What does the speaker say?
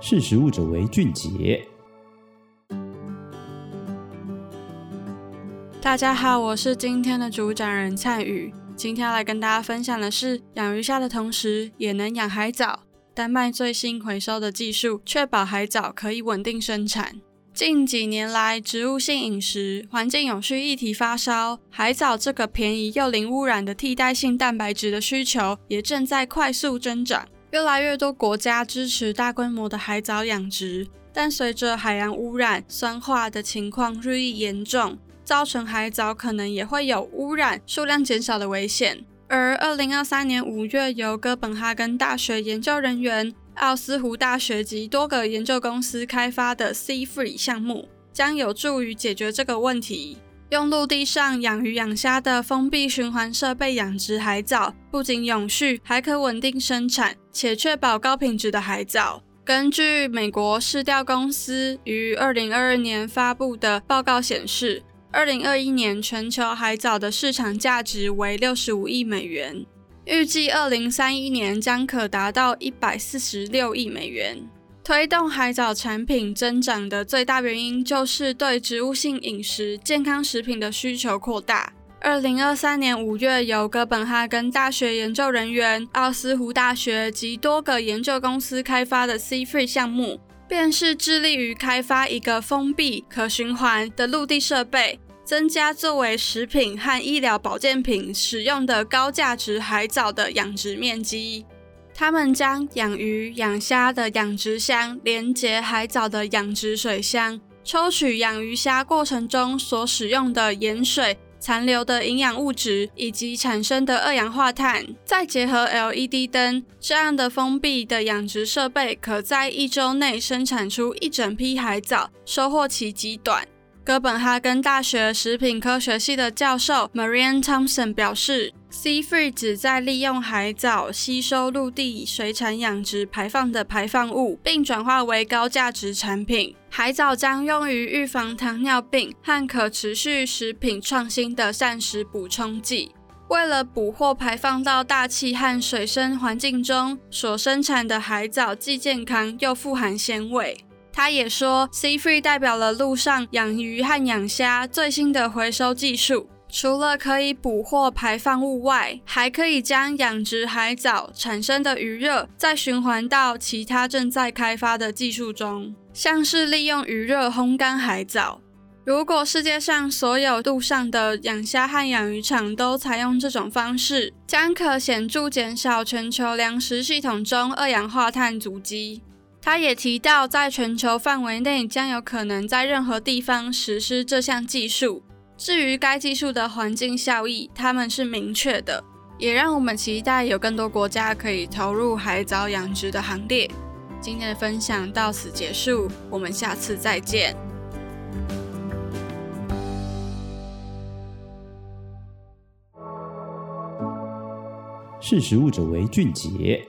識食物者為俊傑。大家好，我是今天的主講人璨瑀。今天來跟大家分享的是，養魚蝦的同時也能養海藻。丹麥最新回收的技術，確保海藻可以穩定生產。近幾年來，植物性飲食、環境永續議題發燒，海藻這個便宜又零污染的替代性蛋白質的需求也正在快速增長。越來越多國家支持大規模的海藻養殖，但隨着海洋污染、酸化的情況日益嚴重，造成海藻可能也會有污染、數量減少的危險。而二零二三年五月，由哥本哈根大學研究人員、奧斯胡大學及多個研究公司開發的 SeaFree 項目，將有助於解決這個問題。用陸地上養魚養蝦的封閉循環設備養殖海藻，不僅永續，還可穩定生產，且確保高品質的海藻。根據美國市調公司於二零二二年發布的報告顯示，二零二一年全球海藻的市場價值為六十五億美元，預計二零三一年將可達到一百四十六億美元。推動海藻產品增長的最大原因，就是對植物性飲食、健康食品的需求擴大。二零二三年五月，由哥本哈根大學研究人員、奧斯胡大學及多個研究公司開發的 SeaFree 項目，便是致力於開發一個封閉、可循環的陸地設備，增加作為食品和醫療保健品使用的高價值海藻的養殖面積。他們將養魚養蝦的養殖箱連接海藻的養殖水箱，抽取養魚蝦過程中所使用的鹽水、殘留的營養物質以及產生的二氧化碳，再結合 LED 燈，這樣的封閉的養殖設備可在一週內生產出一整批海藻，收穫期極短。哥本哈根大學食品科學系的教授 Marianne Thompson 表示，SeaFree 旨在利用海藻吸收陸地水產養殖排放的排放物，並轉化為高價值產品。海藻將用於預防糖尿病和可持續食品創新的膳食補充劑。為了捕獲排放到大氣和水生環境中所生產的海藻，既健康又富含鮮味。他也說，SeaFree 代表了陸上養魚和養蝦最新的回收技術。除了可以捕獲排放物外，還可以將養殖海藻產生的餘熱再循環到其他正在開發的技術中，像是利用餘熱烘乾海藻。如果世界上所有陸上的養蝦和養魚場都採用這種方式，將可顯著減少全球糧食系統中二氧化碳足迹。他也提到，在全球範圍內將有可能在任何地方實施這項技術。至於該技術的環境效益，他們是明確的，也讓我們期待有更多國家可以投入海藻養殖的行列。今天的分享到此結束，我們下次再見。識食物者為俊傑。